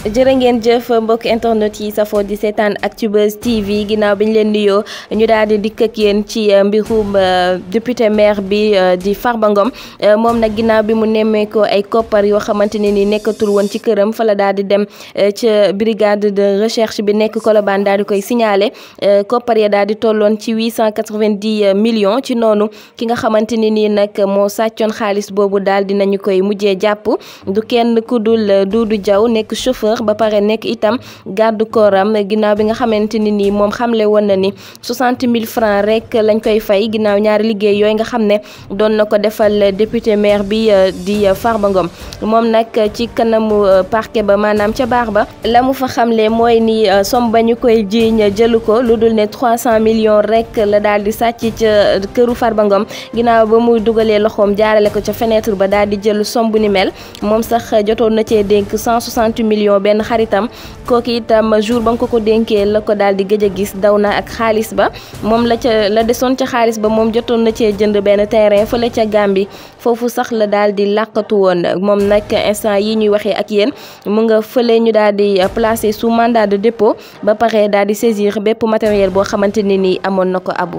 jërë ngeen jëf mbokk internet yi safoo di seetaan Actubuzz TV ginnaaw bi ñu leen nuyoo ñu daal di dikk ak yéen ci euh, mbirum euh, député maire bi euh, di farbangom moom nag ginnaaw bi mu nemmeekoo ay koppar yoo xamante ne ni nekkatul woon ci këram fala la daal di dem ca brigade de recherche bi nekk Colobane daal di koy signaale koppar ya daal di tolloon ci huit cent quatre-vingt-dix ci noonu ki nga xamante ne nii nag moo sàccoon xaalis boobu daal dinañu koy mujjee jàpp du kenn ku dul Doudou nekk sax ba pare nekk itam garde corps am ginnaaw bi nga xamante ni nii moom xamle woon na ni 60 000 francs rek lañ koy fay ginnaaw ñaari liggéey yooyu nga xam ne doon na ko defal député maire bi euh, di euh, Farba Ngom moom nag ci kanamu euh, parquet ba maanaam ca baax ba la mu fa xamle mooy ni som ba ñu koy jiiñ jëlu ko lu dul ne 300 millions rek la daal di sàcc ca këru Farba Ngom ginnaaw ba mu dugalee loxoom jaarale ko ca fenêtre ba dal di jël som bu ni mel moom sax jotoon benn xaritam kooku itam jour ba nga ko ko dénkee la ko daal di gëj a gis daw na ak xaalis ba moom la ca la desoon ca xaalis ba moom jotoon na cee jënd benn terrain fële ca Gambie foofu sax la daal di làqatu woon moom nag instant yi ñuy waxee ak yéen mu nga fële ñu daal di su sous mandat de dépôt ba pare daal di saisir bépp matériel boo xamante ne nii amoon na ko abu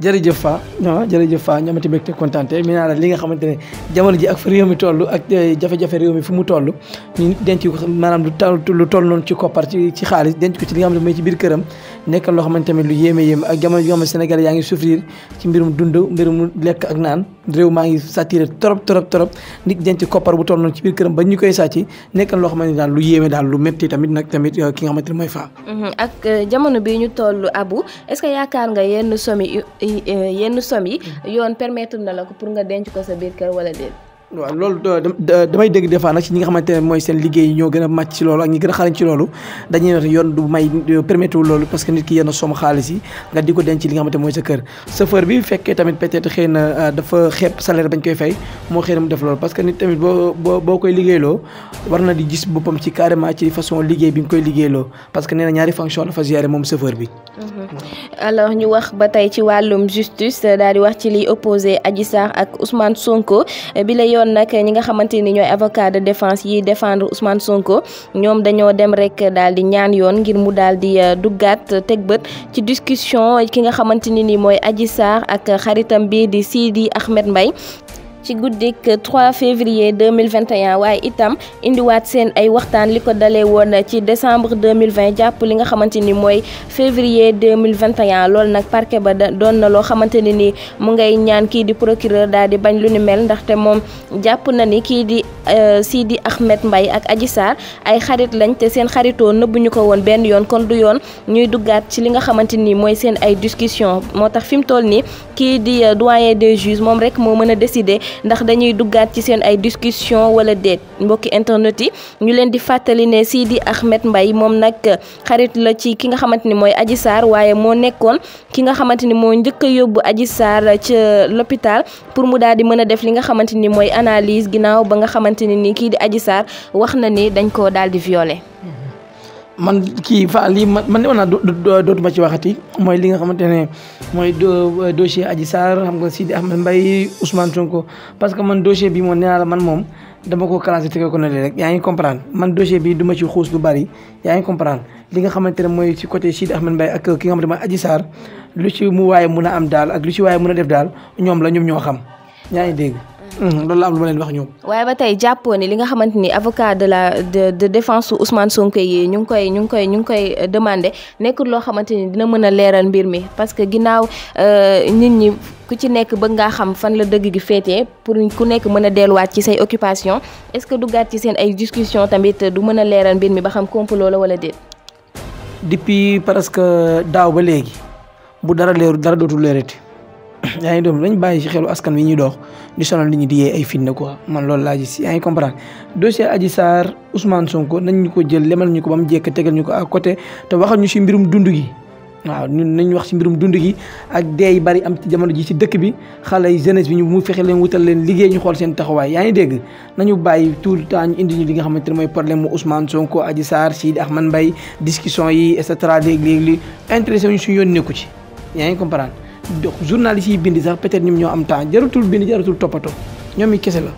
jërëjëf Fa non jërëjëf Fa ñoom itam mbégte kontante mi naa la li nga xamante ne jamono ji ak fa réew mi toll ak eh, jafe-jafe réew mi fu mu toll ñu denc ko maanaam lu toll noonu ci koppar ci ci xaalis denc ko ci li nga xam ne mooy ci biir këram nekk loo xamante ne lu yéeme yéeme ak jamono ji nga xam Sénégal yaa ngi souffrir ci mbirum dund mbirum lekk ak naan réew maa ngi saturé trop trop trop nit denc koppar bu toll noonu ci biir këram ba ñu koy sàcc nekkan loo xamante ne daal lu yéeme daal lu métti tamit nag tamit euh, ki nga xamante ne mooy femme. ak euh, jamono bi ñu toll Abou est yaakaar nga yenn somme yi euh, yenn somme mmh. yoon permettre na la ko pour nga denc ko sa biir kër wala déet. waaw loolu damay dégg des ci ñi nga xamante mooy seen liggéey ñoo gën a màcc ci loolu ak ñi gën a xarañ ci loolu dañuy ne du may permettre loolu parce que nit ki yenn somme xaalis yi nga di ko denc li nga xamante mooy sa kër chauffeur bi fekkee tamit peut xëy na euh, dafa xeeb salaire bañ koy fay moo xëy na mu def loolu parce que nit tamit boo boo boo koy liggéeyloo war na di gis boppam ci carrément ci façon liggéey bi nga koy liggéeyloo parce que nee yoon nag ñi nga xamante ni ñooy avocat de défense yi defendre Ousmane Sonko ñoom dañoo dem rek daal di ñaan yoon ngir mu daal di euh, duggaat teg bët ci discussion ki nga xamante ni ni mooy Adji Sarr ak xaritam bi di Sidi Ahmed mbay ci guddik 3 février 2021 waaye itam indiwaat seen ay waxtaan li ko dalee woon ci décembre 2020 jàpp li nga xamante ni mooy février 2021 loolu nag parquet ba doon na loo xamante ne ni mu ngay ñaan kii di procureur daal di bañ lu ni mel ndaxte moom jàpp na ni kii di euh, Sidi Ahmed Mbaye ak Adji Sarr ay xarit lañ te seen xaritoo ñu ko woon benn yoon kon du yoon ñuy duggaat ci li nga xamante ni mooy seen ay discussion moo tax fi mu toll nii kii di euh, doyen des juges moom rek moo mën a décider ndax dañuy duggaat ci seen ay discussion wala déet mbokki internet yi ñu leen di fàttali ne Sidi Ahmed mbay moom nag xarit la ci ki nga xamante ni mooy aji saar waaye moo nekkoon ki nga xamante ni moo njëkk a yóbbu Adji Sarr ca l'hôpital pour mu daal di mën a def li nga xamante ni mooy analyse ginnaaw ba nga xamante ni kii di aji saar wax na ni dañ ko daal di violé man kii fa lii man man demoon naa dootuma ci waxati mooy li nga xamante ne mooy dossier Adji Sarr xam nga Sidi Ahmed Mbaye Ousmane Sonko parce que man dossier bi moom nee naa la man moom dama ko classé tege ko na leen yaa ngi comprendre man dossier bi du ma ci xuus lu bari yaa ngi comprendre li nga xamante ne mooy ci côté Sidi Ahmed mbay ak ki nga xamante ne mooy Adji Sarr lu ci mu waaye mun a am daal ak lu ci waaye mun a def daal ñoom la ñoom ñoo xam yaa ngi dégg Hmm, loolu la am lu ma leen wax ñoom. waaye ba tey jàppoo ne li nga xamante ni avocat de la de de défense su Ousmane yi ñu ngi koy ñu ngi koy ñu ngi koy euh, demandé nekkul loo xamante ni dina mën a leeral mbir mi parce que ginnaaw euh, nit ñi ku ci nekk bëgg ngaa xam fan la dëgg gi féetee pour ku nekk mën a delluwaat ci say occupation est-ce que duggaat ci seen ay discussion tamit du mën a leeral mbir mi ba xam complot la wala déet. depuis presque daaw ba léegi bu dara leeru dara dootul leerati yaa ngi doon nañ bàyyi ci xelu askan wi ñuy dox. di sonal nit ñi di yee ay fitna ko man loolu laa gis yaa ngi comprendre dossier Adji Sarr Ousmane Sonko nañ ñu ko jël lemal ñu ko ba mu jekk tegal ñu ko à côté te waxal ñu si mbirum dund gi waaw ñun nañ wax si mbirum dund gi ak dee yi bari am jamono ji ci dëkk bi xale yi jeunesse bi ñu mu fexe leen wutal leen liggéey ñu xool seen taxawaay yaa ngi dégg nañu bàyyi tout le temps ñu indi ñu li nga xamante ne mooy problème mu Ousmane Sonko Adji Sarr Sidi Ahmed Mbaye discussion yi et cetera léegi li intéressé ñu suñu yoon nekku ci yaa ngi donc journaliste yi bind sax peut-être ñoom ñoo am temps jaratul bind jaratul toppatoo ñoom yi kese la.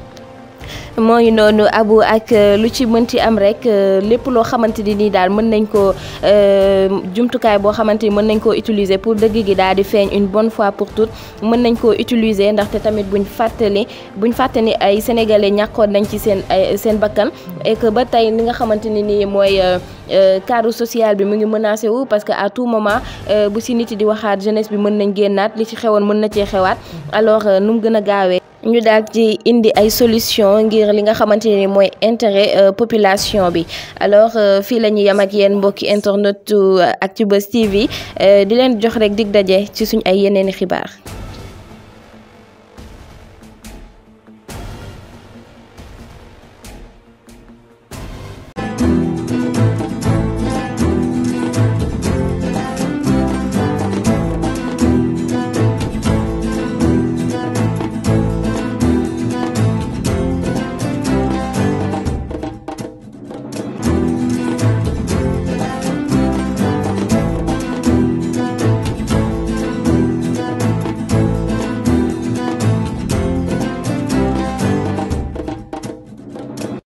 moo ngi noonu abu ak euh, lu ci mënti am rek euh, lépp loo xamante ni nii daal mën nañ ko euh, jumtukaay boo xamante ni mën nañ koo utiliser pour dëgg gi daal di feeñ une bonne fois pour toutes mën nañ koo utiliser ndaxte tamit buñ fàttali buñ fàttali ay sénégalais ñàkkoon nañ ci seen ay seen bakkan et ba tey li nga xamante ni nii mooy cadre social bi mu ngi menacé wu parce que à tout moment bu si nit yi di waxaat jeunesse bi mën nañ génnaat li ci xewoon mën na cee xewaat alors nu mu gën a gaawee ñu daal ci indi ay solution ngir li nga xamante ni mooy intérêt euh, population bi alors euh, fii la ñuy yem ak yéen mbokki internet euh, Actubuzz TV di leen jox rek dig daje ci suñ ay yeneeni xibaar